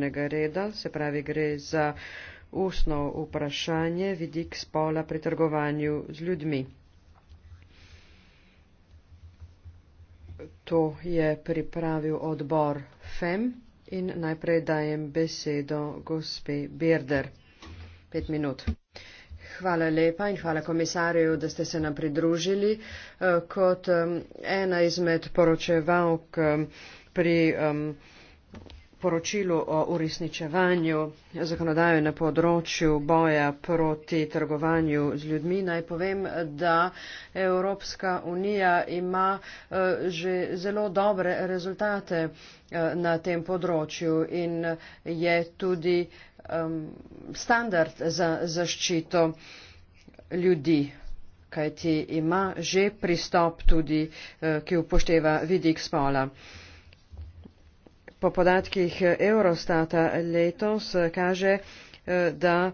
skupnega reda, se pravi gre za ustno vprašanje vidik spola pri trgovanju z ljudmi. To je pripravil odbor FEM in najprej dajem besedo gospe Birder. Pet minut. Hvala lepa in hvala komisarju, da ste se nam pridružili. Kot ena izmed poročevalk pri um, poročilu o uresničevanju zakonodaje na področju boja proti trgovanju z ljudmi, naj povem, da Evropska unija ima eh, že zelo dobre rezultate eh, na tem področju in je tudi standard za zaščito ljudi kajti ima že pristop tudi, eh, ki upošteva vidik spola po podatkih eh, eurostata letos eh, kaže, eh, da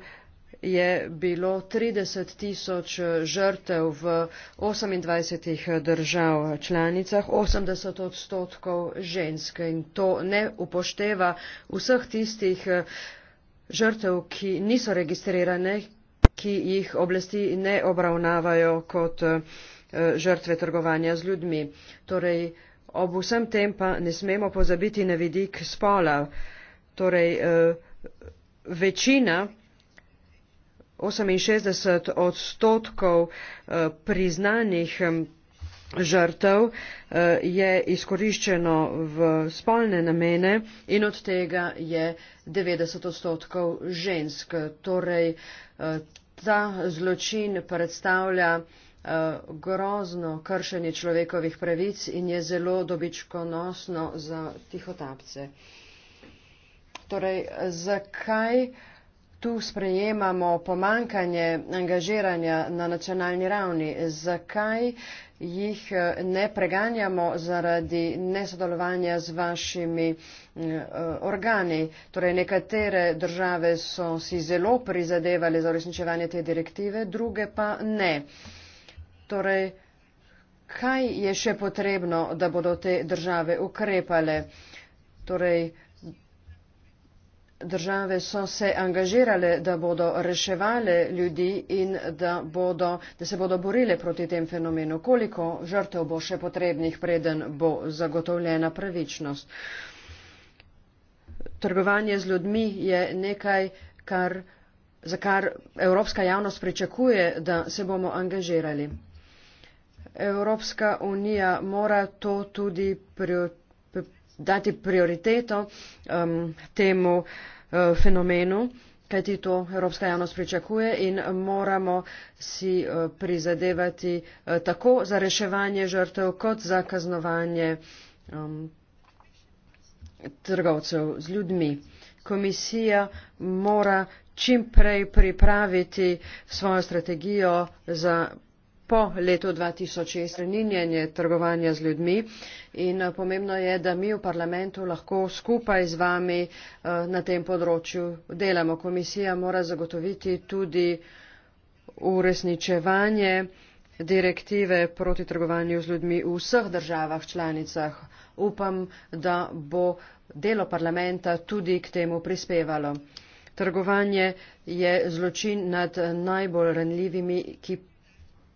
je bilo 30 tisoč žrtev v 28 držav članicah, 80 odstotkov ženske in to ne upošteva vseh tistih žrtev, ki niso registrirane, ki jih oblasti ne obravnavajo kot žrtve trgovanja z ljudmi. Torej, ob vsem tem pa ne smemo pozabiti na vidik spola. Torej, eh, večina, 68 odstotkov eh, priznanih žrtev eh, je izkoriščeno v spolne namene in od tega je 90 odstotkov žensk. Torej, ta zločin predstavlja Eh, grozno kršenje človekovih pravic in je zelo dobičkonosno za tihotapce. Torej, zakaj tu sprejemamo pomankanje angažiranja na nacionalni ravni? Zakaj jih eh, ne preganjamo zaradi nesodelovanja z vašimi eh, organi? Torej, nekatere države so si zelo prizadevali za uresničevanje te direktive, druge pa ne. Torej, kaj je še potrebno, da bodo te države ukrepale? Torej, države so se angažirale, da bodo reševali ljudi in da, bodo, da se bodo borile proti tem fenomenu. Koliko žrtev bo še potrebnih, preden bo zagotovljena pravičnost? Trgovanje z ljudmi je nekaj, kar, za kar evropska javnost pričakuje, da se bomo angažirali. Evropska unija mora to tudi priori, dati prioriteto um, temu uh, fenomenu, kajti to Evropska javnost pričakuje in moramo si uh, prizadevati uh, tako za reševanje žrtev kot za kaznovanje um, trgovcev z ljudmi. Komisija mora čim prej pripraviti svojo strategijo za po letu 2006 strinjanje trgovanja z ljudmi in eh, pomembno je, da mi v parlamentu lahko skupaj z vami eh, na tem področju delamo. Komisija mora zagotoviti tudi uresničevanje direktive proti trgovanju z ljudmi v vseh državah članicah. Upam, da bo delo parlamenta tudi k temu prispevalo. Trgovanje je zločin nad najbolj ranljivimi, ki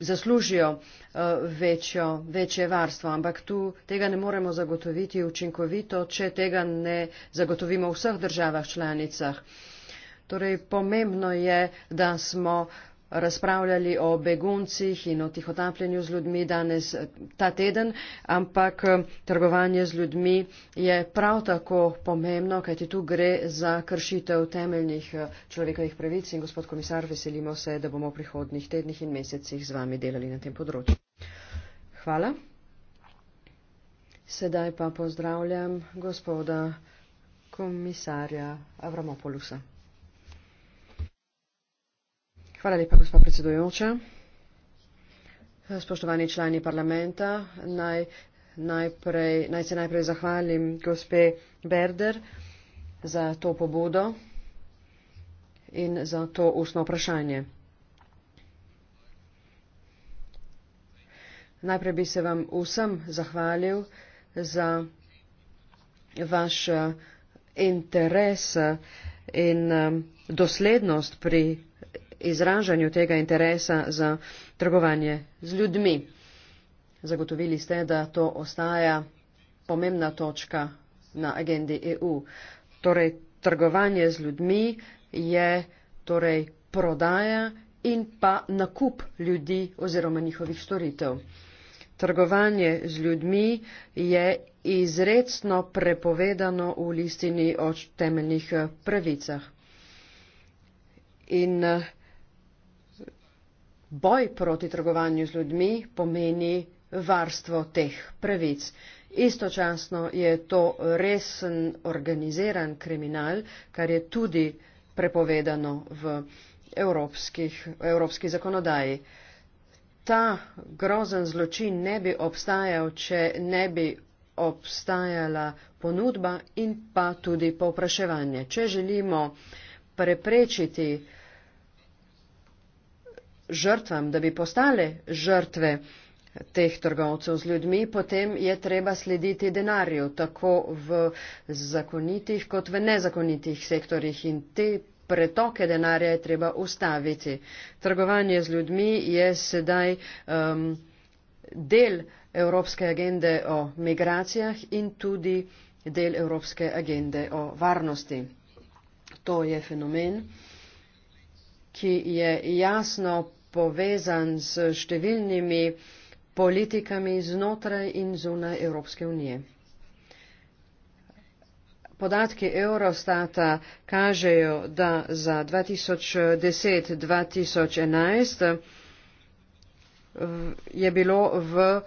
zaslužijo eh, večjo, večje varstvo, ampak tu tega ne moremo zagotoviti učinkovito, če tega ne zagotovimo v vseh državah članicah. Torej, pomembno je, da smo uh, razpravljali o beguncih in o tihotapljenju z ljudmi danes ta teden, ampak eh, trgovanje z ljudmi je prav tako pomembno, kajti tu gre za kršitev temeljnih eh, človekovih pravic in gospod komisar, veselimo se, da bomo v prihodnih tednih in mesecih z vami delali na tem področju. Hvala. Sedaj pa pozdravljam gospoda komisarja Avramopolusa. Hvala lepa, gospa predsedujoča. Spoštovani člani parlamenta, naj, najprej, naj se najprej zahvalim gospe Berder za to pobudo in za to ustno vprašanje. Najprej bi se vam vsem zahvalil za vaš eh, interes in eh, doslednost pri izražanju tega interesa za trgovanje z ljudmi. Zagotovili ste, da to ostaja pomembna točka na agendi EU. Torej, trgovanje z ljudmi je torej prodaja in pa nakup ljudi oziroma njihovih storitev. Trgovanje z ljudmi je izredno prepovedano v listini o temeljnih pravicah. In boj proti trgovanju z ljudmi pomeni varstvo teh pravic. Istočasno je to resen organiziran kriminal, kar je tudi prepovedano v evropskih, evropski zakonodaji. Ta grozen zločin ne bi obstajal, če ne bi obstajala ponudba in pa tudi povpraševanje. Če želimo preprečiti uh, žrtvam, da bi postale žrtve teh trgovcev z ljudmi, potem je treba slediti denarju, tako v zakonitih kot v nezakonitih sektorjih in te pretoke denarja je treba ustaviti. Trgovanje z ljudmi je sedaj um, del Evropske agende o migracijah in tudi del Evropske agende o varnosti. To je fenomen, ki je jasno povezan s številnimi politikami znotraj in zunaj Evropske unije. Podatki Eurostata kažejo, da za 2010-2011 je bilo v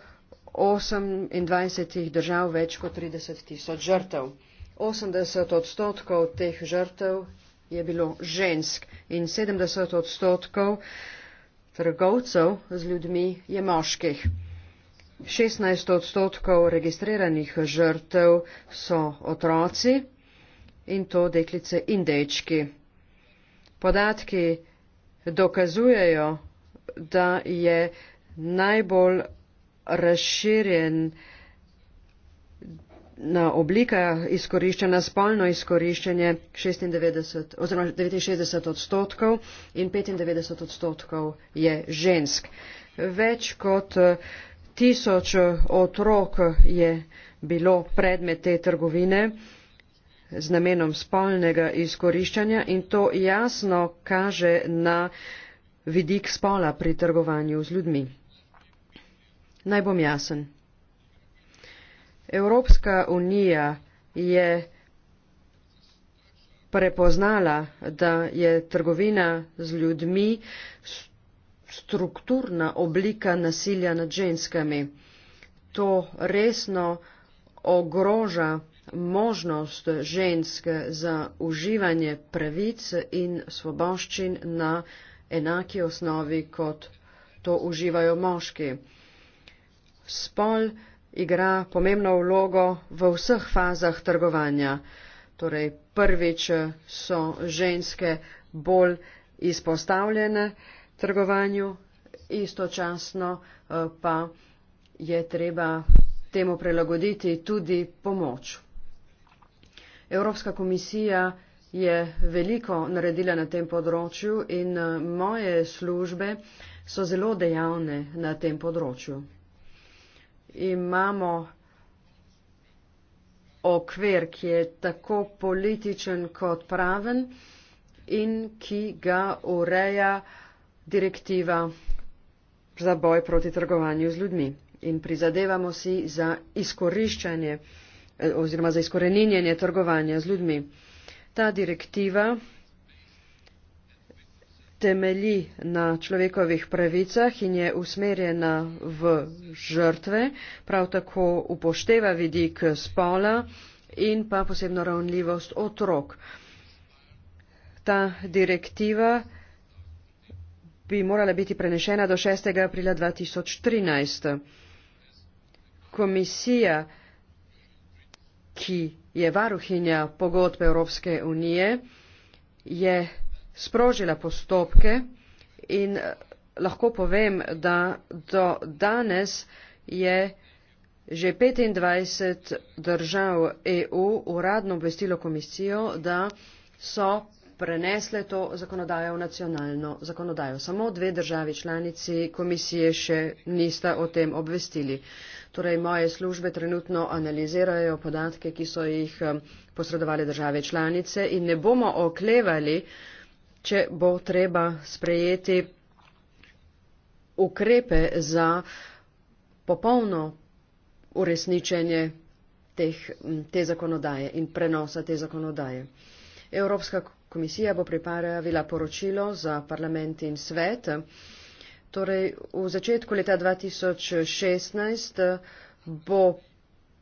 28 držav več kot 30 tisoč žrtev. 80 odstotkov teh žrtev je bilo žensk in 70 odstotkov trgovcev z ljudmi je moških. 16 odstotkov registriranih žrtev so otroci in to deklice in dečki. Podatki dokazujejo, da je najbolj razširjen na oblika izkoriščanja, spolno izkoriščanje 96, oziroma 69 odstotkov in 95 odstotkov je žensk. Več kot tisoč otrok je bilo predmet te trgovine z namenom spolnega izkoriščanja in to jasno kaže na vidik spola pri trgovanju z ljudmi. Naj bom jasen. Evropska unija je prepoznala, da je trgovina z ljudmi strukturna oblika nasilja nad ženskami. To resno ogroža možnost žensk za uživanje pravic in svoboščin na enaki osnovi, kot to uživajo moški. Spol igra pomembno vlogo v vseh fazah trgovanja. Torej, prvič so ženske bolj izpostavljene trgovanju, istočasno eh, pa je treba temu prilagoditi tudi pomoč. Evropska komisija je veliko naredila na tem področju in eh, moje službe so zelo dejavne na tem področju imamo okvir, ki je tako političen kot praven in ki ga ureja direktiva za boj proti trgovanju z ljudmi. In prizadevamo si za izkoriščanje eh, oziroma za izkoreninjenje trgovanja z ljudmi. Ta direktiva temelji na človekovih pravicah in je usmerjena v žrtve, prav tako upošteva vidik spola in pa posebno ravnljivost otrok. Ta direktiva bi morala biti prenešena do 6. aprila 2013. Komisija, ki je varuhinja pogodbe Evropske unije, je sprožila postopke in eh, lahko povem, da do danes je že 25 držav EU uradno obvestilo komisijo, da so prenesle to zakonodajo v nacionalno zakonodajo. Samo dve državi članici komisije še nista o tem obvestili. Torej, moje službe trenutno analizirajo podatke, ki so jih eh, posredovali države članice in ne bomo oklevali, če bo treba sprejeti ukrepe za popolno uresničenje teh, te zakonodaje in prenosa te zakonodaje. Evropska komisija bo pripravila poročilo za parlament in svet. Torej, v začetku leta 2016 bo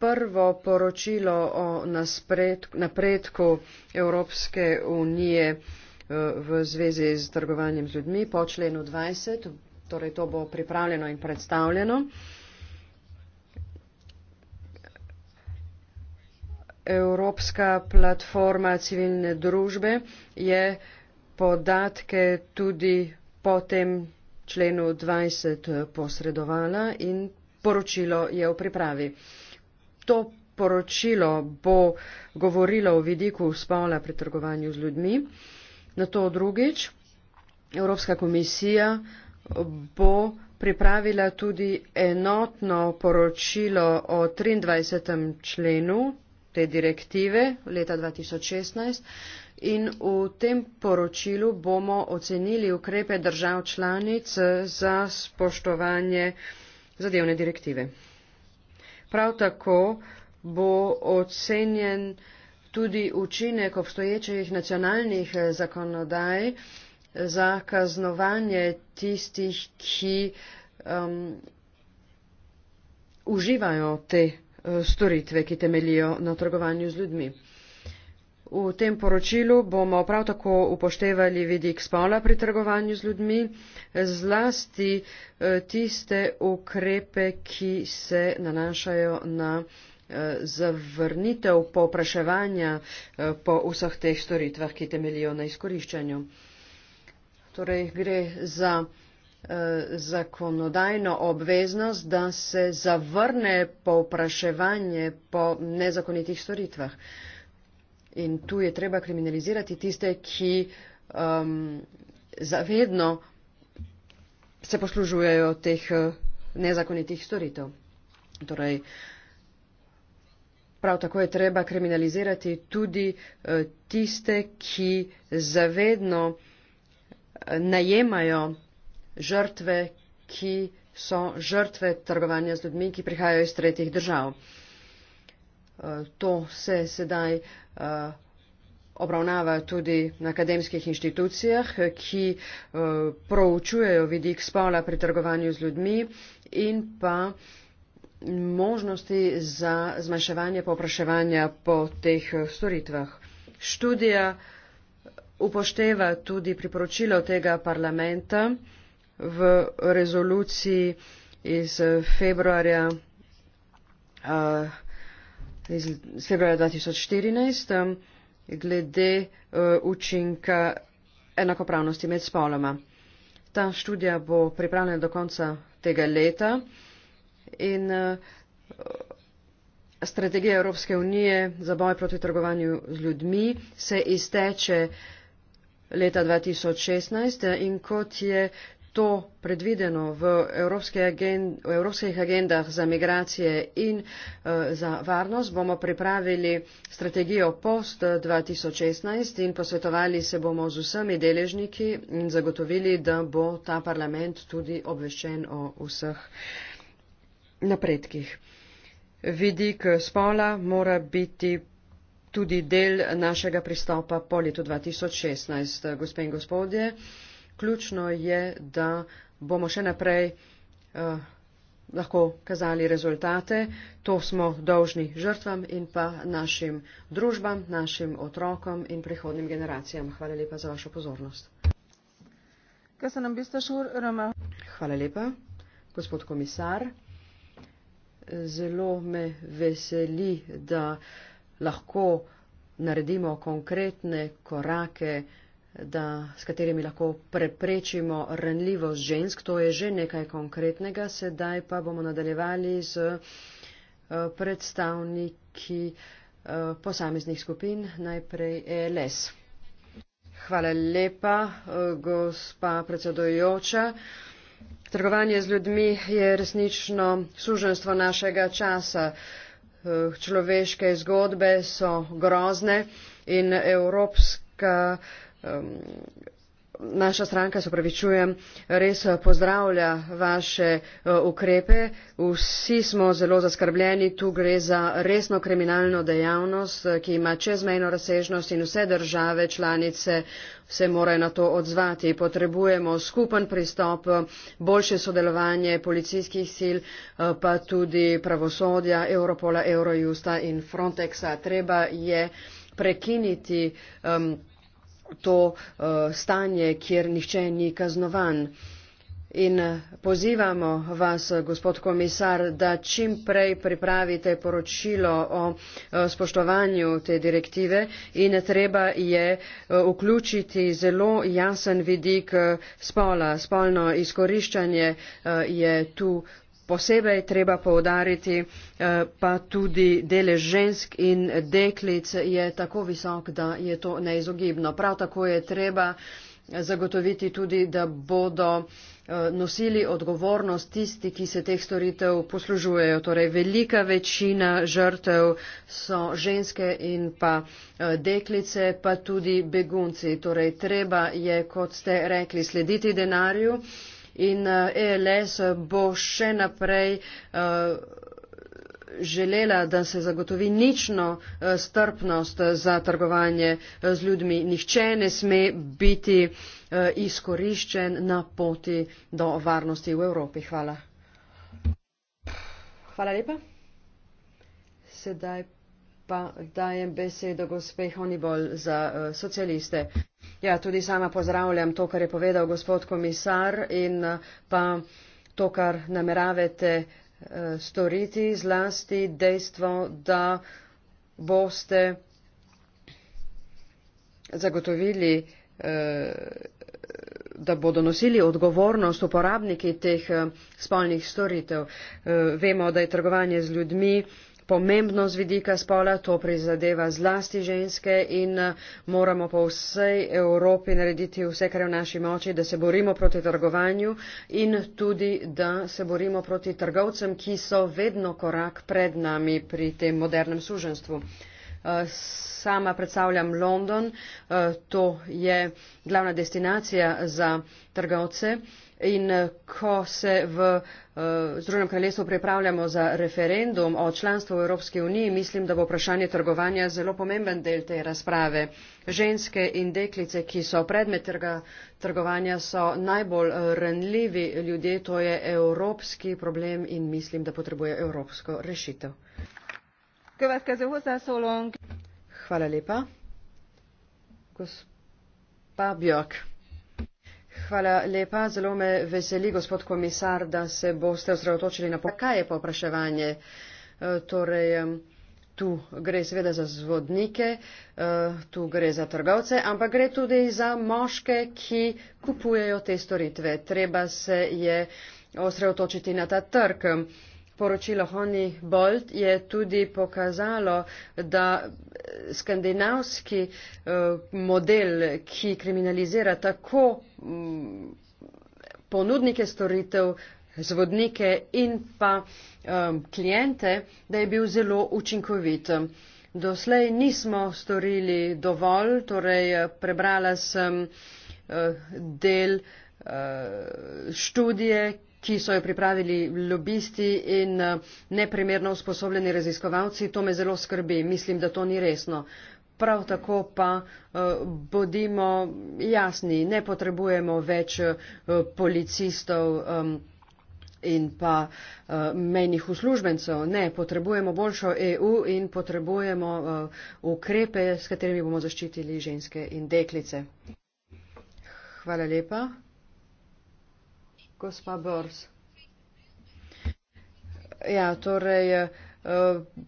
prvo poročilo o naspredku, napredku Evropske unije Eh, v zvezi z trgovanjem z ljudmi po členu 20, torej to bo pripravljeno in predstavljeno. Evropska platforma civilne družbe je podatke tudi po tem členu 20 eh, posredovala in poročilo je v pripravi. To poročilo bo govorilo o vidiku spola pri trgovanju z ljudmi. Na to drugič, Evropska komisija bo pripravila tudi enotno poročilo o 23. členu te direktive leta 2016 in v tem poročilu bomo ocenili ukrepe držav članic za spoštovanje zadevne direktive. Prav tako bo ocenjen tudi učinek obstoječih nacionalnih eh, zakonodaj za kaznovanje tistih, ki um, uživajo te eh, storitve, ki temelijo na trgovanju z ljudmi. V tem poročilu bomo prav tako upoštevali vidik spola pri trgovanju z ljudmi, zlasti eh, tiste ukrepe, ki se nanašajo na uh, zavrnitev popraševanja eh, po vseh teh storitvah, ki temeljijo na izkoriščanju. Torej gre za eh, zakonodajno obveznost, da se zavrne popraševanje po nezakonitih storitvah. In tu je treba kriminalizirati tiste, ki um, zavedno se poslužujejo teh eh, nezakonitih storitev. Torej, uh, Prav tako je treba kriminalizirati tudi eh, tiste, ki zavedno eh, najemajo žrtve, ki so žrtve trgovanja z ljudmi, ki prihajajo iz tretjih držav. Eh, to se sedaj obravnava tudi na akademskih inštitucijah, ki proučujejo vidik spola pri trgovanju z ljudmi in pa možnosti za zmanjševanje popraševanja po teh eh, storitvah. Študija eh, upošteva tudi priporočilo tega parlamenta v rezoluciji iz eh, februarja, iz februarja 2014 glede učinka enakopravnosti med spoloma. Ta študija bo pripravljena do konca tega leta in eh, strategija Evropske unije za boj proti trgovanju z ljudmi se izteče leta 2016 eh, in kot je to predvideno v, Evropske agend, v evropskih agendah za migracije in uh, za varnost, bomo pripravili strategijo post 2016 in posvetovali se bomo z vsemi deležniki in zagotovili, da bo ta parlament tudi obveščen o vseh uh, napredkih. Vidik spola mora biti tudi del našega pristopa po letu 2016. Gospe in gospodje, ključno je, da bomo še naprej eh, lahko kazali rezultate. To smo dolžni žrtvam in pa našim družbam, našim otrokom in prihodnim generacijam. Hvala lepa za vašo pozornost. Hvala lepa, gospod komisar zelo me veseli, da lahko naredimo konkretne korake, da, s katerimi lahko preprečimo ranljivost žensk. To je že nekaj konkretnega. Sedaj pa bomo nadaljevali z eh, predstavniki eh, posameznih skupin, najprej ELS. Hvala lepa, eh, gospa predsedojoča. Trgovanje z ljudmi je resnično suženstvo našega časa. Eh, človeške zgodbe so grozne in evropska naša stranka se opravičujem res eh, pozdravlja vaše eh, ukrepe vsi smo zelo zaskrbljeni tu gre za resno kriminalno dejavnost eh, ki ima čezmejno razsežnost in vse države članice se morajo na to odzvati potrebujemo skupen pristop boljše sodelovanje policijskih sil pa tudi pravosodja europola eurojusta in frontexa treba je prekiniti um, to uh, stanje, kjer nihče ni kaznovan. In eh, pozivamo vas, eh, gospod komisar, da čim prej pripravite poročilo o spoštovanju te direktive in treba je vključiti zelo jasen vidik spola. Spolno izkoriščanje je tu posebej treba povdariti, eh, pa tudi delež žensk in deklic je tako visok, da je to neizogibno. Prav tako je treba zagotoviti tudi, da bodo eh, nosili odgovornost tisti, ki se teh storitev poslužujejo. Torej, velika večina žrtev so ženske in pa eh, deklice, pa tudi begunci. Torej, treba je, kot ste rekli, slediti denarju in ELS eh, e bo še naprej eh, želela, da se zagotovi nično eh, strpnost za trgovanje z ljudmi. Nihče ne sme biti izkoriščen na poti do varnosti v Evropi. Hvala. Hvala lepa. Sedaj Eh, ja tudi sama pozdravljam to kar je povedal gospod komisar in eh, pa to kar nameravate eh, storiti zlasti dejstvo da boste zagotovili da bodo nosili odgovornost uporabniki teh spolnih storitev. Vemo, da je trgovanje z ljudmi pomembno z vidika spola, to prizadeva zlasti ženske in eh, moramo po vsej Evropi narediti vse, kar je v naši moči, da se borimo proti trgovanju in tudi, da se borimo proti trgovcem, ki so vedno korak pred nami pri tem modernem suženstvu. Eh, sama predstavljam London, eh, to je glavna destinacija za trgovce in eh, ko se v uh, Združenem kraljestvu pripravljamo za referendum o članstvu v Evropski uniji, mislim, da bo vprašanje trgovanja zelo pomemben del te razprave. Ženske in deklice, ki so predmet trga, trgovanja, so najbolj eh, ranljivi ljudje. To je evropski problem in mislim, da potrebuje evropsko rešitev. Hvala lepa. Gospa Björk. Hvala lepa. Zelo me veseli, gospod komisar, da se boste osredotočili na pokaje popraševanje. E, torej, tu gre seveda za zvodnike, e, tu gre za trgovce, ampak gre tudi za moške, ki kupujejo te storitve. Treba se je osredotočiti na ta trg poročilo Honey Bolt je tudi pokazalo, da skandinavski eh, model, ki kriminalizira tako mm, ponudnike storitev, zvodnike in pa eh, klijente, da je bil zelo učinkovit. Doslej nismo storili dovolj, torej eh, prebrala sem del študije, ki so jo pripravili lobisti in eh, neprimerno usposobljeni raziskovalci. To me zelo skrbi. Mislim, da to ni resno. Prav tako pa eh, bodimo jasni, ne potrebujemo več eh, policistov in pa menjih uslužbencev. Ne, potrebujemo boljšo EU in potrebujemo ukrepe, s katerimi bomo zaščitili ženske in deklice. Hvala lepa gospa Bors. Ja, torej, eh,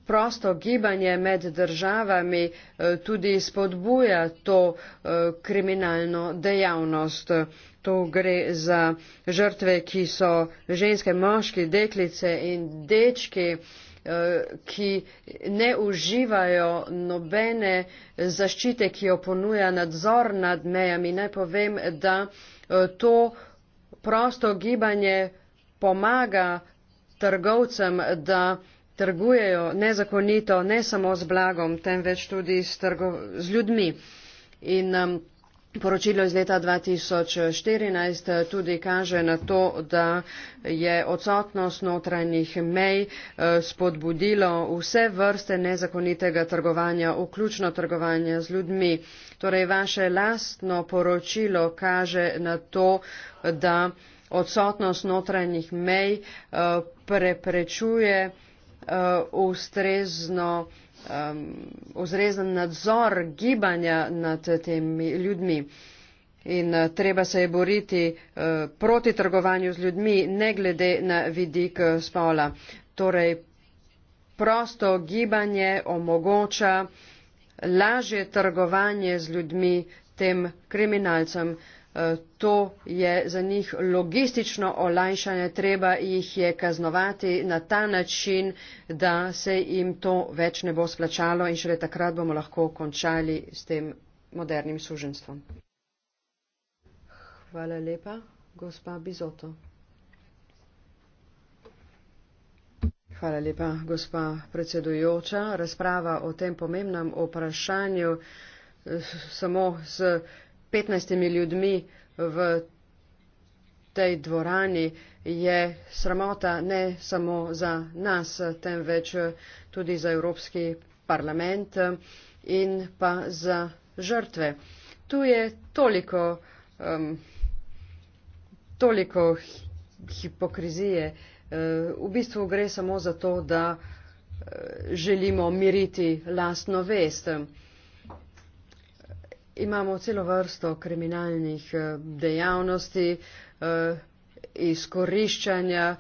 prosto gibanje med državami eh, tudi spodbuja to eh, kriminalno dejavnost. Tu gre za žrtve, ki so ženske, moški, deklice in dečki, ki ne uživajo nobene zaščite, ki jo ponuja nadzor nad mejami. Naj povem, da to prosto gibanje pomaga trgovcem, da trgujejo nezakonito, ne samo z blagom, temveč tudi s, trgo, z ljudmi. In, um, Poročilo iz leta 2014 tudi kaže na to, da je odsotnost notranjih mej eh, spodbudilo vse vrste nezakonitega trgovanja, vključno trgovanja z ljudmi. Torej, vaše lastno poročilo kaže na to, da odsotnost notranjih mej eh, preprečuje uh, ustrezno, um, ustrezen nadzor gibanja nad temi ljudmi. In eh, treba se je boriti eh, proti trgovanju z ljudmi, ne glede na vidik spola. Torej, prosto gibanje omogoča lažje trgovanje z ljudmi tem kriminalcem. Eh, to je za njih logistično olajšanje, treba jih je kaznovati na ta način, da se jim to več ne bo splačalo in šele takrat bomo lahko končali s tem modernim suženstvom. Hvala lepa, gospa Bizoto. Hvala lepa, gospa predsedujoča. Razprava o tem pomembnem vprašanju eh, samo z 15 ljudmi v tej dvorani je sramota ne samo za nas, temveč tudi za Evropski parlament in pa za žrtve. Tu je toliko, um, toliko hipokrizije. Eh, v bistvu gre samo za to, da eh, želimo miriti lastno vest imamo celo vrsto kriminalnih eh, dejavnosti, eh, izkoriščanja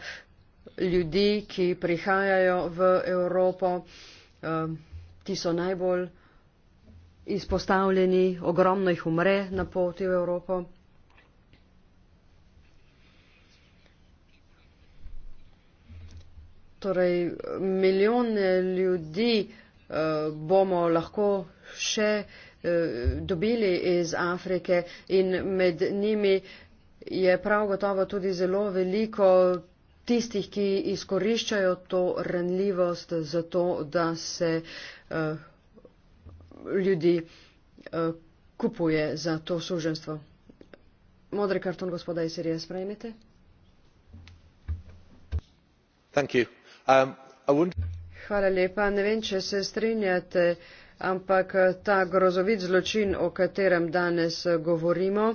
ljudi, ki prihajajo v Evropo. Eh, ti so najbolj izpostavljeni, ogromno jih umre na poti v Evropo. Torej, milijone ljudi uh, bomo lahko še uh, Eh, dobili iz Afrike in med njimi je prav gotovo tudi zelo veliko tistih, ki izkoriščajo to ranljivost za to, da se eh, ljudi eh, kupuje za to suženstvo. Modri karton gospoda Isirija, sprejmete? Um, Hvala lepa. Ne vem, če se strinjate uh, ampak eh, ta grozovit zločin, o katerem danes eh, govorimo,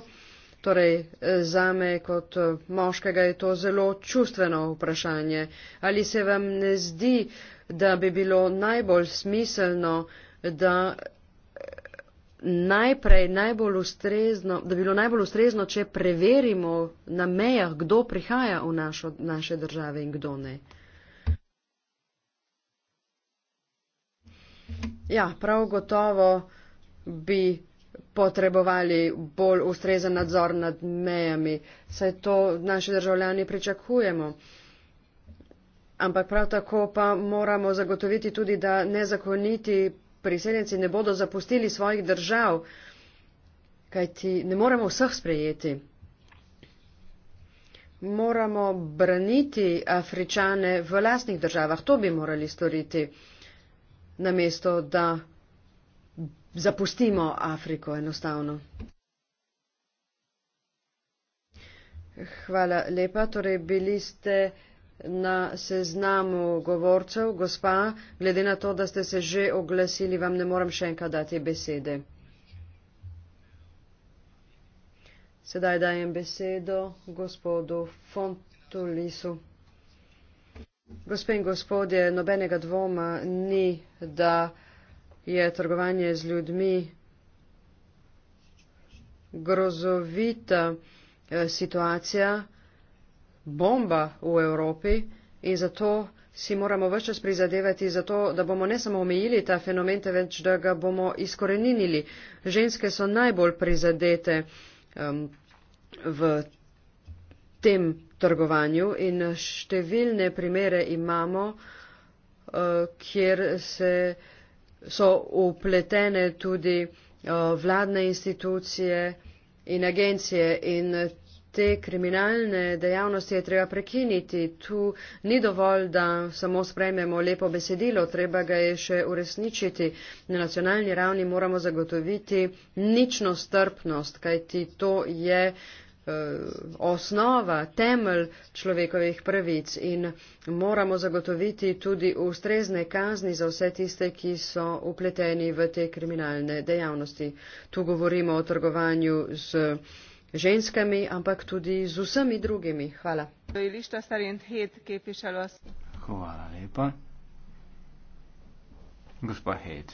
torej eh, zame kot moškega je to zelo čustveno vprašanje. Ali se vam ne zdi, da bi bilo najbolj smiselno, da najprej najbolj ustrezno, da bi bilo najbolj ustrezno, če preverimo na mejah, kdo prihaja v našo, naše države in kdo ne. Uh, Ja, prav gotovo bi potrebovali bolj ustrezen nadzor nad mejami. Saj to naši državljani pričakujemo. Ampak prav tako pa moramo zagotoviti tudi, da nezakoniti priseljenci ne bodo zapustili svojih držav, kajti ne moremo vseh sprejeti. Moramo braniti afričane v lasnih državah. To bi morali storiti namesto da zapustimo Afriko enostavno. Hvala lepa. Torej, bili ste na seznamu govorcev. Gospa, glede na to, da ste se že oglasili, vam ne moram še enkrat dati besede. Sedaj dajem besedo gospodu Fontulisu. Gospe in gospodje, nobenega dvoma ni, da je trgovanje z ljudmi grozovita eh, situacija, bomba v Evropi in zato si moramo vse čas prizadevati za to, da bomo ne samo omejili ta fenomen, temveč da ga bomo izkoreninili. Ženske so najbolj prizadete um, v tem trgovanju in številne primere imamo, eh, kjer se, so upletene tudi eh, vladne institucije in agencije in te kriminalne dejavnosti je treba prekiniti. Tu ni dovolj, da samo sprejmemo lepo besedilo, treba ga je še uresničiti. Na nacionalni ravni moramo zagotoviti ničnost strpnost, kajti to je uh, Eh, osnova, temelj človekovih pravic in moramo zagotoviti tudi ustrezne kazni za vse tiste, ki so upleteni v te kriminalne dejavnosti. Tu govorimo o trgovanju z ženskami, ampak tudi z vsemi drugimi. Hvala. Hvala lepa. Gospa Hed.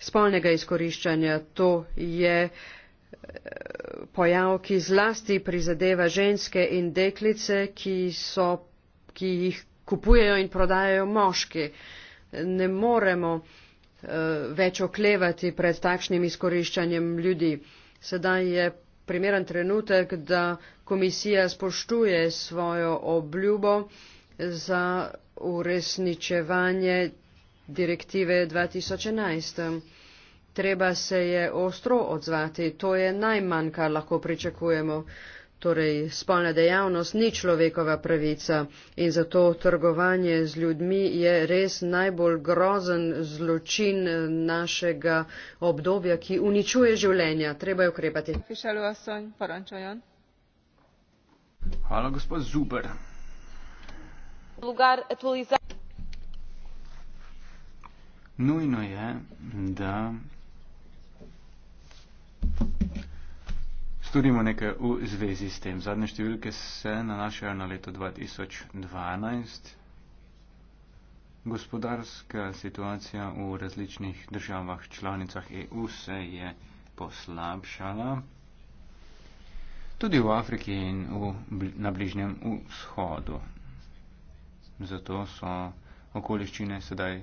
spolnega izkoriščanja. To je eh, pojav, ki zlasti prizadeva ženske in deklice, ki, so, ki jih kupujejo in prodajajo moški. Ne moremo eh, več oklevati pred takšnim izkoriščanjem ljudi. Sedaj je primeren trenutek, da komisija spoštuje svojo obljubo za uresničevanje direktive 2011. Treba se je ostro odzvati, to je najmanj, kar lahko pričakujemo. Torej, spolna dejavnost ni človekova pravica in zato trgovanje z ljudmi je res najbolj grozen zločin našega obdobja, ki uničuje življenja. Treba je ukrepati. Hvala, gospod Zuber. Nujno je, da studimo nekaj v zvezi s tem. Zadnje številke se nanašajo na leto 2012. Gospodarska situacija v različnih državah članicah EU se je poslabšala. Tudi v Afriki in v, na Bližnjem vzhodu. Zato so okoliščine sedaj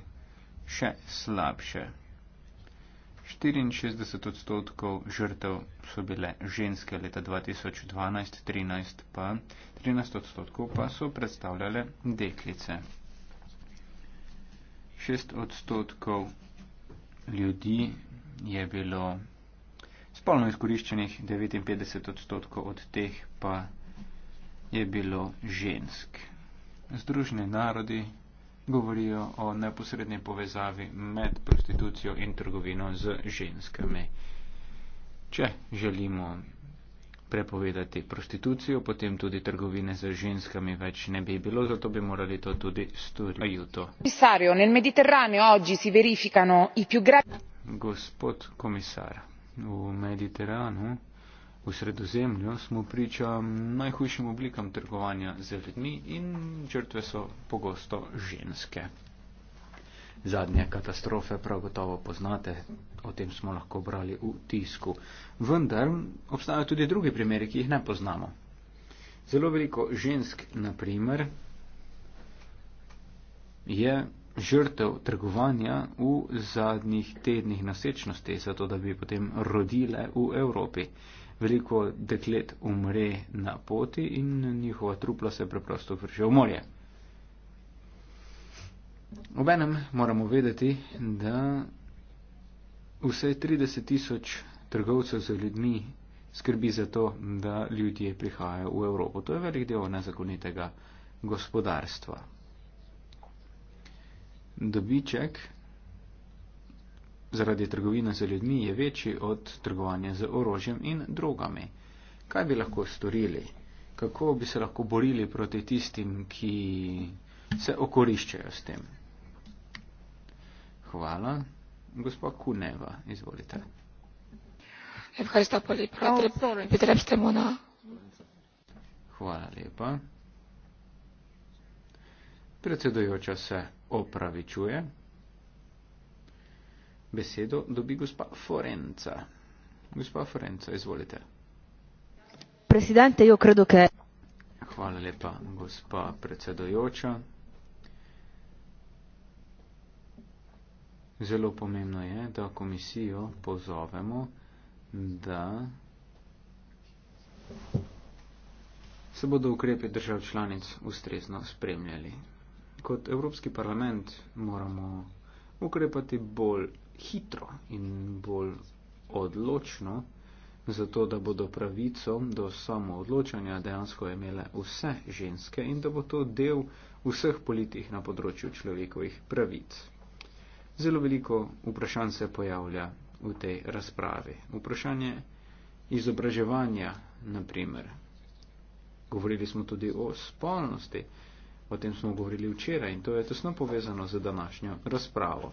še slabše. 64 odstotkov žrtev so bile ženske leta 2012-13, pa 13 odstotkov pa so predstavljale deklice. 6 odstotkov ljudi je bilo spolno izkoriščenih, 59 odstotkov od teh pa je bilo žensk. Združene narodi govorijo o neposredni povezavi med prostitucijo in trgovino z ženskami. Če želimo prepovedati prostitucijo, potem tudi trgovine z ženskami več ne bi bilo, zato bi morali to tudi storiti. Aiuto. Komisarjo, nel Mediterraneo oggi si verificano i più gravi. Gospod komisar, v Mediteranu. V sredozemlju smo priča najhujšim oblikam trgovanja z ljudmi in žrtve so pogosto ženske. Zadnje katastrofe prav gotovo poznate, o tem smo lahko brali v tisku. Vendar obstajajo tudi drugi primeri, ki jih ne poznamo. Zelo veliko žensk, na primer, je žrtev trgovanja v zadnjih tednih nasečnosti, zato da bi potem rodile v Evropi veliko deklet umre na poti in njihova trupla se preprosto vrže v morje. Obenem moramo vedeti, da vse 30 tisoč trgovcev z ljudmi skrbi za to, da ljudje prihajajo v Evropo. To je velik del nezakonitega gospodarstva. Dobiček zaradi trgovine z ljudmi je večji od trgovanja z orožjem in drogami. Kaj bi lahko storili? Kako bi se lahko borili proti tistim, ki se okoriščajo s tem? Hvala. Gospod Kuneva, izvolite. Oh, Hvala lepa. Predsedujoča se opravičuje besedo dobi gospa Forenca. Gospa Forenca, izvolite. Presidente, jo credo, ker. Hvala lepa, gospa predsedojoča. Zelo pomembno je, da komisijo pozovemo, da se bodo ukrepe držav članic ustrezno spremljali. Kot Evropski parlament moramo ukrepati bolj hitro in bolj odločno, zato da bodo pravico do samoodločanja dejansko imele vse ženske in da bo to del vseh politik na področju človekovih pravic. Zelo veliko vprašanj se pojavlja v tej razpravi. Vprašanje izobraževanja, naprimer. Govorili smo tudi o spolnosti, o tem smo govorili včeraj in to je tesno povezano z današnjo razpravo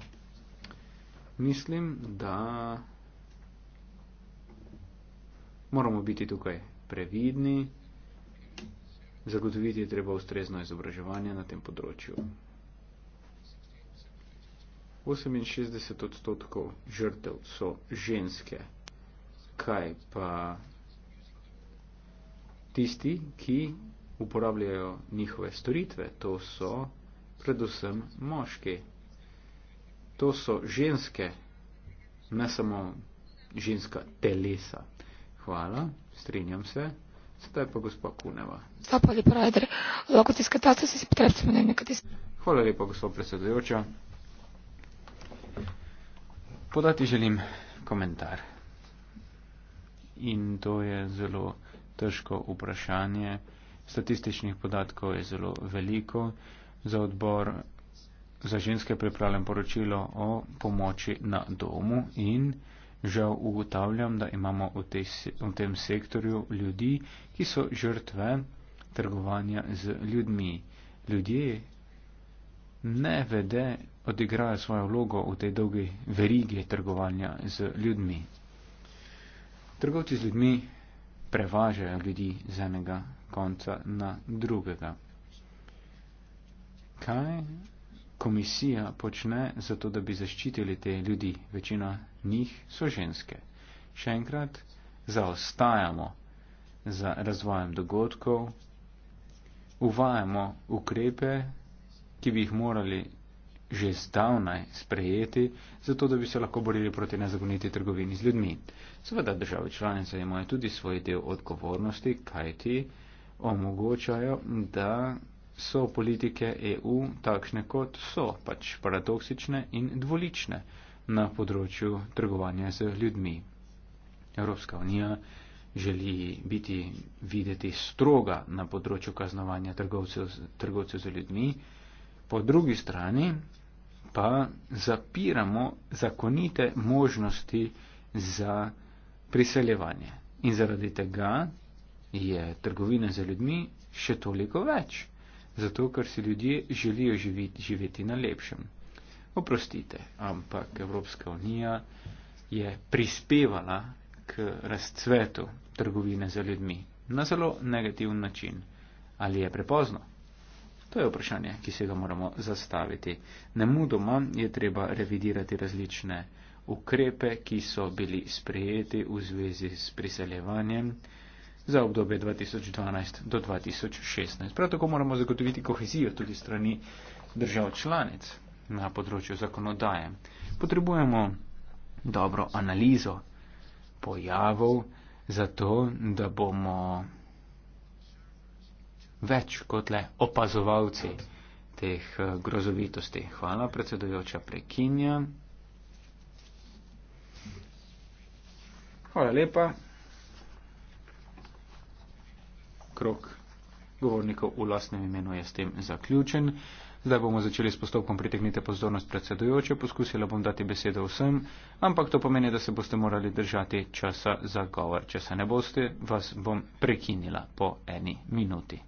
mislim, da moramo biti tukaj previdni, zagotoviti je treba ustrezno izobraževanje na tem področju. 68 odstotkov žrtev so ženske. Kaj pa tisti, ki uporabljajo njihove storitve? To so predvsem moški to so ženske, ne samo ženska telesa. Hvala, strinjam se. Sedaj pa gospa Kuneva. Hvala lepa, gospod predsedujoča. Podati želim komentar. In to je zelo težko vprašanje. Statističnih podatkov je zelo veliko. Za odbor za ženske pripravljam poročilo o pomoči na domu in žal ugotavljam, da imamo v, te, v tem sektorju ljudi, ki so žrtve trgovanja z ljudmi. Ljudje ne vede odigrajo svojo vlogo v tej dolgi verigi trgovanja z ljudmi. Trgovci z ljudmi prevažajo ljudi z enega konca na drugega. Kaj komisija počne zato, da bi zaščitili te ljudi. Večina njih so ženske. Še enkrat, zaostajamo za razvojem dogodkov, uvajamo ukrepe, ki bi jih morali že zdavnaj sprejeti, zato da bi se lahko borili proti nezakoniti trgovini z ljudmi. Seveda države članice imajo tudi svoj del odgovornosti, kajti omogočajo, da so politike EU takšne, kot so, pač paradoksične in dvolične na področju trgovanja z ljudmi. Evropska unija želi biti videti stroga na področju kaznovanja trgovcev, trgovcev z ljudmi, po drugi strani pa zapiramo zakonite možnosti za priseljevanje. In zaradi tega je trgovina z ljudmi še toliko več zato ker si ljudje želijo živeti, živeti na lepšem. Oprostite, ampak Evropska unija je prispevala k razcvetu trgovine za ljudmi na zelo negativen način. Ali je prepozno? To je vprašanje, ki se ga moramo zastaviti. Nemudoma je treba revidirati različne ukrepe, ki so bili sprejeti v zvezi s priseljevanjem za obdobje 2012 do 2016. Prav tako moramo zagotoviti kohezijo tudi strani držav članic na področju zakonodaje. Potrebujemo dobro analizo pojavov, zato da bomo več kot le opazovalci teh eh, grozovitosti. Hvala, predsedujoča prekinja. Hvala lepa. krok govornikov v lasnem imenu je s tem zaključen. Zdaj bomo začeli s postopkom pritegnite pozornost predsedujoče, poskusila bom dati besedo vsem, ampak to pomeni, da se boste morali držati časa za govor. Če se ne boste, vas bom prekinila po eni minuti.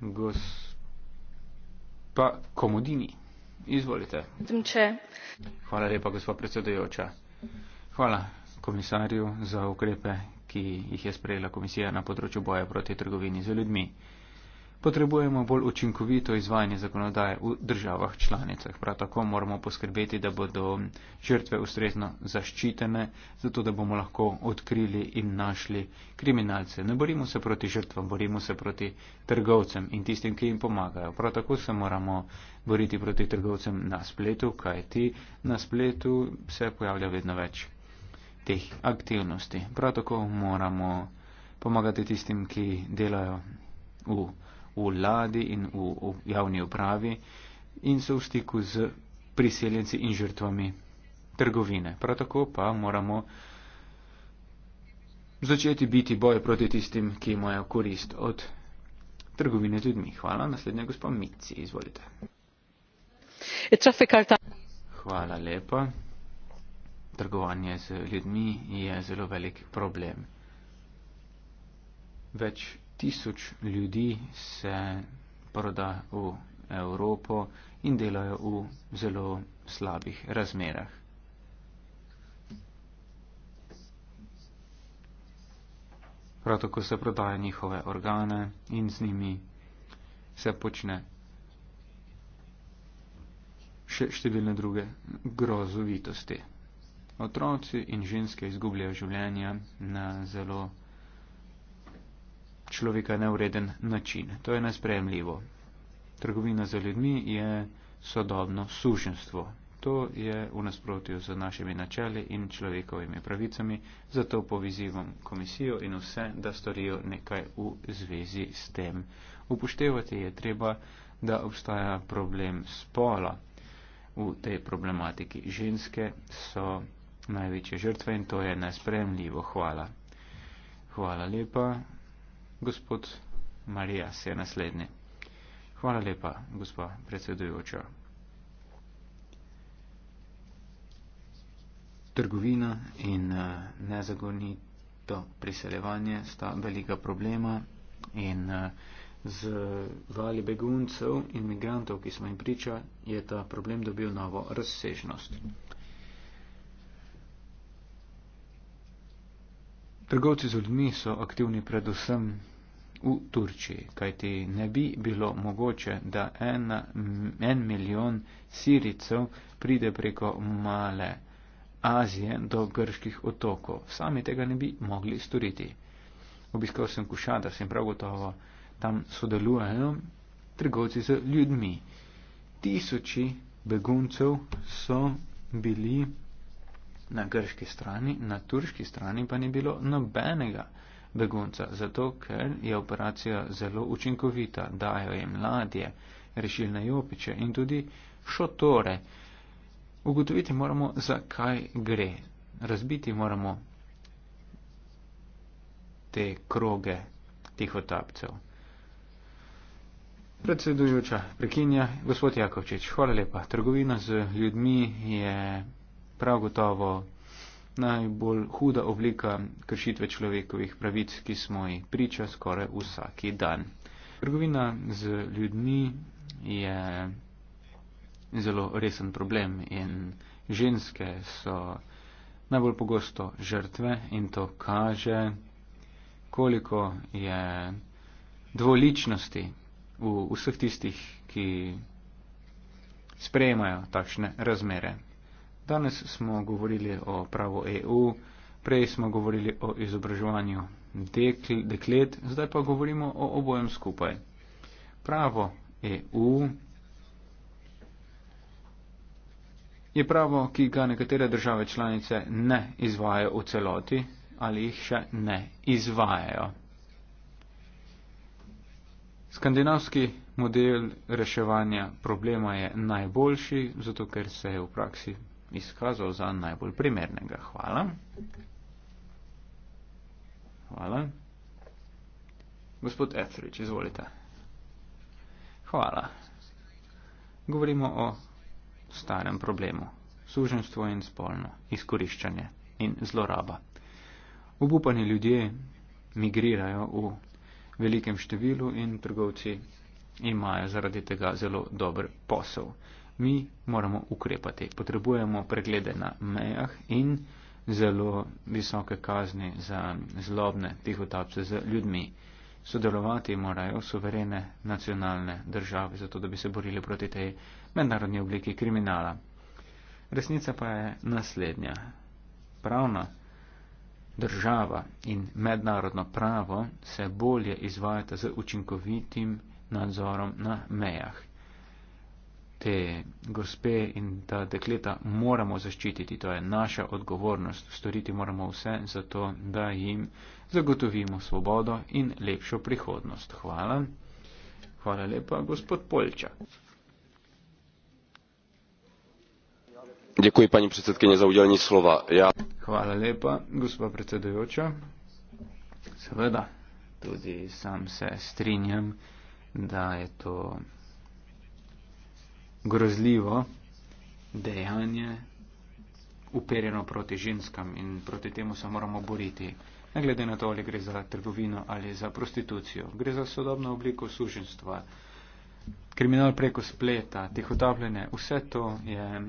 Gospa Komodini, izvolite. Hvala lepa, gospod predsedujoča. Hvala komisarju za ukrepe, ki jih je sprejela komisija na področju boja proti trgovini z ljudmi. Potrebujemo bolj učinkovito izvajanje zakonodaje v državah članicah. Prav tako moramo poskrbeti, da bodo žrtve ustrezno zaščitene, zato da bomo lahko odkrili in našli kriminalce. Ne borimo se proti žrtvam, borimo se proti trgovcem in tistim, ki jim pomagajo. Prav tako se moramo boriti proti trgovcem na spletu, kajti na spletu se pojavlja vedno več teh aktivnosti. Prav tako moramo pomagati tistim, ki delajo v, v vladi in v, v javni upravi in so v stiku z priseljenci in žrtvami trgovine. Prav tako pa moramo začeti biti boj proti tistim, ki imajo korist od trgovine z ljudmi. Hvala. Naslednja gospa Mici, izvolite. Hvala lepa trgovanje z ljudmi je zelo velik problem. Več tisoč ljudi se proda v Evropo in delajo v zelo slabih razmerah. Prav tako se prodaja njihove organe in z njimi se počne še številne druge grozovitosti otroci in ženske izgubljajo življenja na zelo človeka neureden način. To je nesprejemljivo. Trgovina za ljudmi je sodobno suženstvo. To je v nasprotju z našimi načeli in človekovimi pravicami, zato povizivam komisijo in vse, da storijo nekaj v zvezi s tem. Upoštevati je treba, da obstaja problem spola v tej problematiki. Ženske so največje žrtve in to je nespremljivo. Hvala. Hvala lepa, gospod Marija, se naslednji. Hvala lepa, gospa predsedujoča. Trgovina in eh, nezagonito priseljevanje sta velika problema in eh, z vali beguncev in migrantov, ki smo jim priča, je ta problem dobil novo razsežnost. Trgovci z ljudmi so aktivni predvsem v Turčiji, kajti ne bi bilo mogoče, da ena, en milijon siricev pride preko male Azije do grških otokov. Sami tega ne bi mogli storiti. Obiskal sem Kušada, sem prav gotovo tam sodelujejo trgovci z ljudmi. Tisoči beguncev so bili Na grški strani, na turški strani pa ni bilo nobenega begunca, zato ker je operacija zelo učinkovita, dajo jim ladje, rešilne jopiče in tudi šotore. Ugotoviti moramo, zakaj gre. Razbiti moramo te kroge tih otapcev. Predsedujoča prekinja, gospod Jakovčič, hvala lepa. Trgovina z ljudmi je prav gotovo najbolj huda oblika kršitve človekovih pravic, ki smo ji priča skoraj vsaki dan. Trgovina z ljudmi je zelo resen problem in ženske so najbolj pogosto žrtve in to kaže, koliko je dvoličnosti v vseh tistih, ki sprejemajo takšne razmere. Danes smo govorili o pravo EU, prej smo govorili o izobraževanju dekl, deklet, zdaj pa govorimo o obojem skupaj. Pravo EU je pravo, ki ga nekatere države članice ne izvajajo v celoti ali jih še ne izvajajo. Skandinavski model reševanja problema je najboljši, zato ker se je v praksi izkazal za najbolj primernega. Hvala. Hvala. Gospod Etherich, izvolite. Hvala. Govorimo o starem problemu. Suženstvo in spolno izkoriščanje in zloraba. Obupani ljudje migrirajo v velikem številu in trgovci imajo zaradi tega zelo dober posel mi moramo ukrepati. Potrebujemo preglede na mejah in zelo visoke kazni za zlobne tihotapce z ljudmi. Sodelovati morajo suverene nacionalne države, zato da bi se borili proti tej mednarodni obliki kriminala. Resnica pa je naslednja. Pravna država in mednarodno pravo se bolje izvajata z učinkovitim nadzorom na mejah te gospe in ta dekleta moramo zaščititi. To je naša odgovornost. Storiti moramo vse za to, da jim zagotovimo svobodo in lepšo prihodnost. Hvala. Hvala lepa, gospod Polča. Děkuji, paní předsedkyně, za udělení slova. Já... Hvala lepa, gospa predsedujoča. Seveda, tudi sam se strinjam, da je to grozljivo dejanje uperjeno proti ženskam in proti temu se moramo boriti. Ne glede na to, ali gre za trgovino ali za prostitucijo. Gre za sodobno obliko suženstva, kriminal preko spleta, tihotapljene, vse to je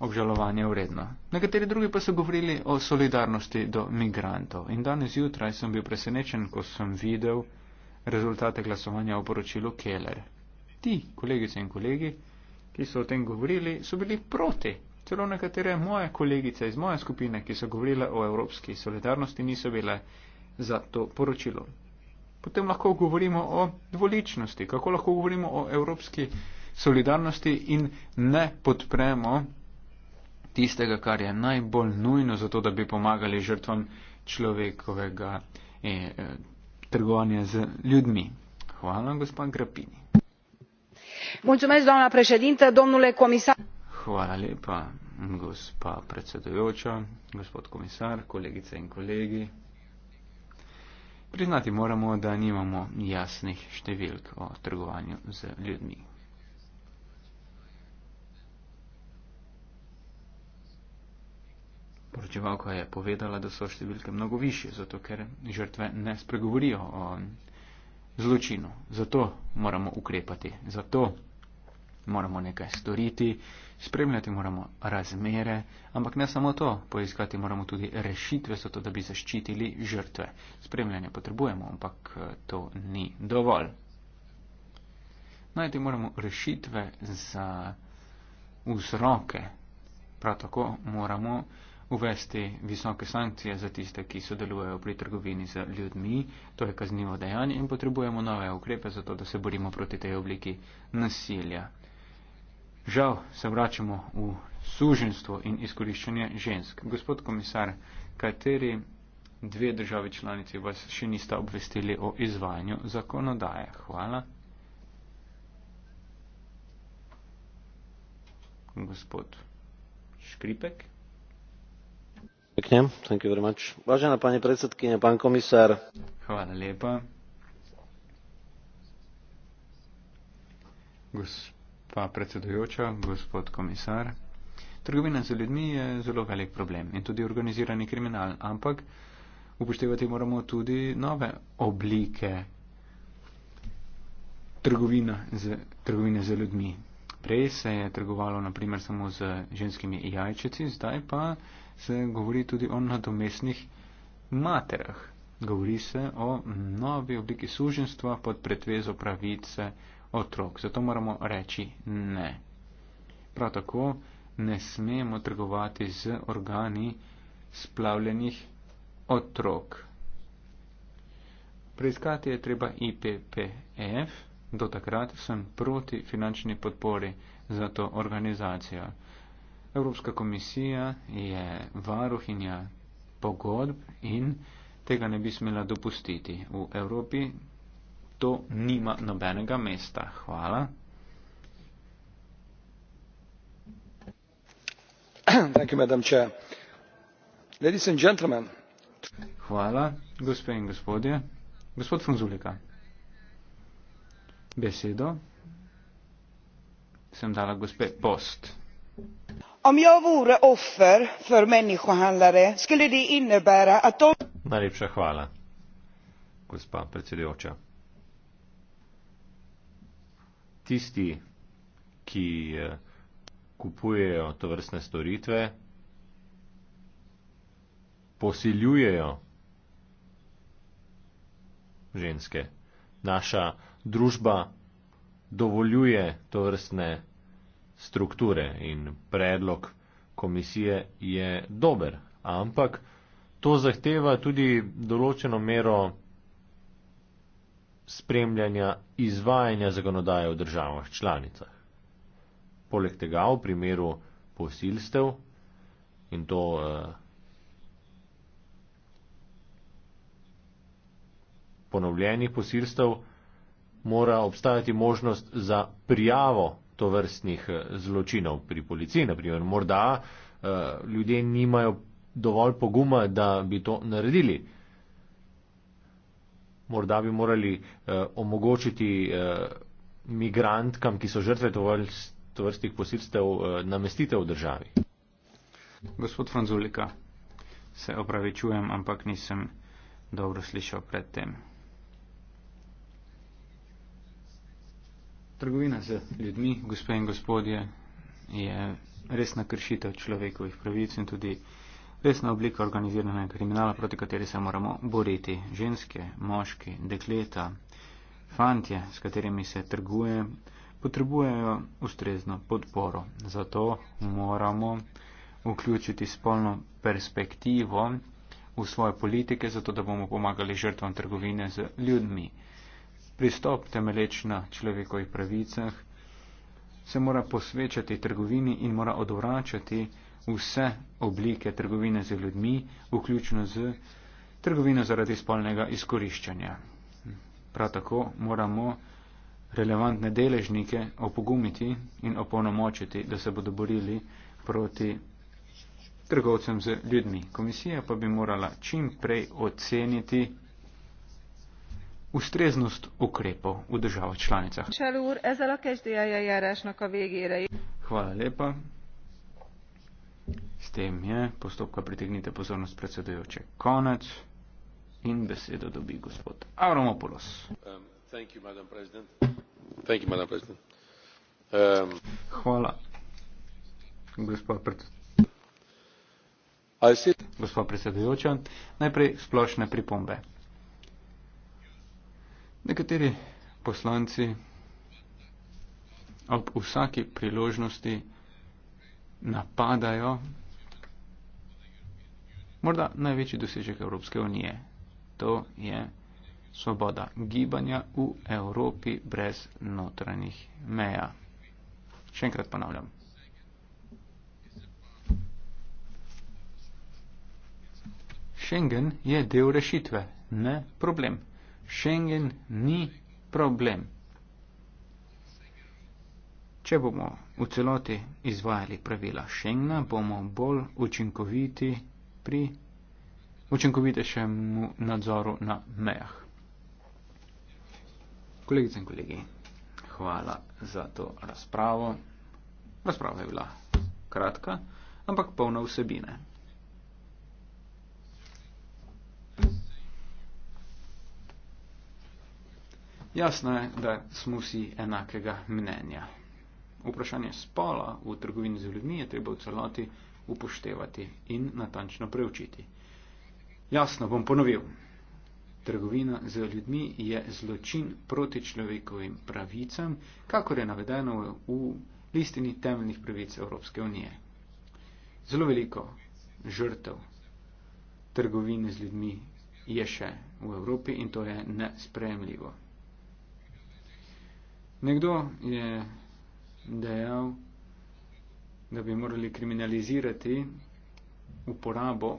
obžalovanje vredno. Nekateri drugi pa so govorili o solidarnosti do migrantov. In danes jutraj sem bil presenečen, ko sem videl rezultate glasovanja o poročilu Keller ti, kolegice in kolegi, ki so o tem govorili, so bili proti. Celo nekatere moje kolegice iz moje skupine, ki so govorile o evropski solidarnosti, niso bile za to poročilo. Potem lahko govorimo o dvoličnosti, kako lahko govorimo o evropski solidarnosti in ne podpremo tistega, kar je najbolj nujno za to, da bi pomagali žrtvam človekovega eh, eh trgovanja z ljudmi. Hvala, gospod Grapini doamnă președintă domnule comisar hvala lepa gospa predsedujoča gospod komisar kolegice in kolegi priznati moramo da nimamo jasnih številk o trgovanju z ljudmi poročevalka je povedala da so številke mnogo višje zato ker žrtve ne spregovorijo o zločinu zato moramo ukrepati zato moramo nekaj storiti, spremljati moramo razmere, ampak ne samo to, poiskati moramo tudi rešitve, zato da bi zaščitili žrtve. Spremljanje potrebujemo, ampak eh, to ni dovolj. Najti moramo rešitve za vzroke. Prav tako moramo uvesti visoke sankcije za tiste, ki sodelujejo pri trgovini z ljudmi. To je kaznivo dejanje in potrebujemo nove ukrepe, zato da se borimo proti tej obliki nasilja. Žal se vračamo v suženstvo in izkoriščanje žensk. Gospod komisar, kateri dve države članici vas še nista obvestili o izvajanju zakonodaje? Hvala. Gospod Škripek. Peknem, thank you very much. Važena pani predsedkinja, pan komisar. Hvala lepa. Gospod gospa predsedujoča, gospod komisar. Trgovina z ljudmi je zelo velik problem in tudi organizirani kriminal, ampak upoštevati moramo tudi nove oblike z, trgovine z ljudmi. Prej se je trgovalo naprimer samo z ženskimi jajčici, zdaj pa se govori tudi o nadomestnih materah. Govori se o novi obliki suženstva pod pretvezo pravice otrok. Zato moramo reči ne. Prav tako ne smemo trgovati z organi splavljenih otrok. Preiskati je treba IPPF, do takrat sem proti finančni podpori za to organizacijo. Evropska komisija je varuhinja pogodb in tega ne bi smela dopustiti. V Evropi to nima nobenega mesta. Hvala. Thank you, Madam Chair. Ladies and gentlemen. Hvala, gospe in gospodje. Gospod Funzulika. Besedo. Sem dala gospe post. Om jo vore offer för människohandlare, skulle det innebära att de... Najlepša hvala, gospa predsedujoča tisti, ki eh, kupujejo to vrstne storitve, posiljujejo ženske. Naša družba dovoljuje to vrstne strukture in predlog komisije je dober, ampak to zahteva tudi določeno mero spremljanja izvajanja zakonodaje v državah članicah. Poleg tega v primeru posilstev in to eh, ponovljenih posilstev mora obstajati možnost za prijavo to vrstnih eh, zločinov pri policiji. Naprimer, morda eh, ljudje nimajo dovolj poguma, da bi to naredili morda bi morali eh, omogočiti eh, migrantkam, ki so žrtve tovrstnih posilstev, eh, namestitev v državi. Gospod Franzulika, se opravičujem, ampak nisem dobro slišal predtem. Trgovina z ljudmi, gospe in gospodje, je resna kršitev človekovih pravic in tudi resna oblika organiziranega kriminala, proti kateri se moramo boriti. Ženske, moški, dekleta, fantje, s katerimi se trguje, potrebujejo ustrezno podporo. Zato moramo vključiti spolno perspektivo v svoje politike, zato da bomo pomagali žrtvam trgovine z ljudmi. Pristop temeleč na človekovih pravicah se mora posvečati trgovini in mora odvračati vse oblike trgovine z ljudmi, vključno z trgovino zaradi spolnega izkoriščanja. Prav tako moramo relevantne deležnike opogumiti in opolnomočiti, da se bodo borili proti trgovcem z ljudmi. Komisija pa bi morala čim prej oceniti ustreznost ukrepov v državah članicah. Hvala lepa tem je postopka pritegnite pozornost predsedujoče. Konec in besedo dobi gospod Avramopoulos. Um, um, Hvala. Gospod predsedujoča. Gospod predsedujoča, najprej splošne pripombe. Nekateri poslanci ob vsaki priložnosti napadajo Morda največji dosežek Evropske unije. To je svoboda gibanja v Evropi brez notranjih meja. Še enkrat ponavljam. Schengen je del rešitve, ne problem. Schengen ni problem. Če bomo v celoti izvajali pravila Schengna, bomo bolj učinkoviti pri učinkovitejšem nadzoru na mejah. Kolegice in kolegi, hvala za to razpravo. Razprava je bila kratka, ampak polna vsebine. Jasno je, da smo vsi enakega mnenja. Vprašanje spola v trgovini z ljudmi je treba v celoti upoštevati in natančno preučiti. Jasno bom ponovil. Trgovina z ljudmi je zločin proti človekovim pravicam, kakor je navedeno v listini temeljnih pravic Evropske unije. Zelo veliko žrtev trgovine z ljudmi je še v Evropi in to je nespremljivo. Nekdo je dejal, da bi morali kriminalizirati uporabo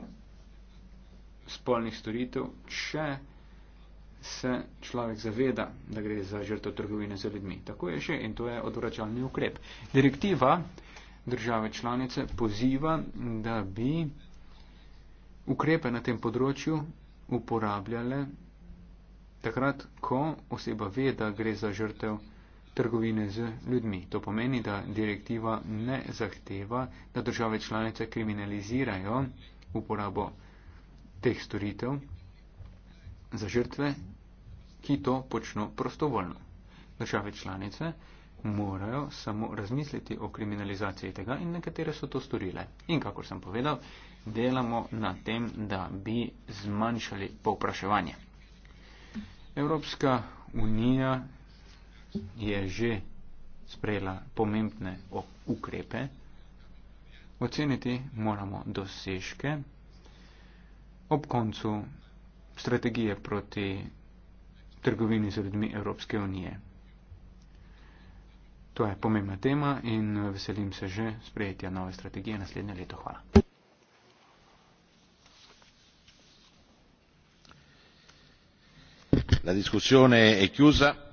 spolnih storitev, če se človek zaveda, da gre za žrtvo trgovine z ljudmi. Tako je že in to je odvračalni ukrep. Direktiva države članice poziva, da bi ukrepe na tem področju uporabljale takrat, ko oseba ve, da gre za žrtvo trgovine z ljudmi trgovine z ljudmi. To pomeni, da direktiva ne zahteva, da države članice kriminalizirajo uporabo teh storitev za žrtve, ki to počno prostovoljno. Države članice morajo samo razmisliti o kriminalizaciji tega in nekatere so to storile. In kakor sem povedal, delamo na tem, da bi zmanjšali povpraševanje. Evropska unija je že sprejela pomembne ukrepe. Oceniti moramo dosežke. Ob koncu strategije proti trgovini z ljudmi Evropske unije. To je pomembna tema in eh, veselim se že sprejetja nove strategije naslednje leto. Hvala. La discussione è chiusa.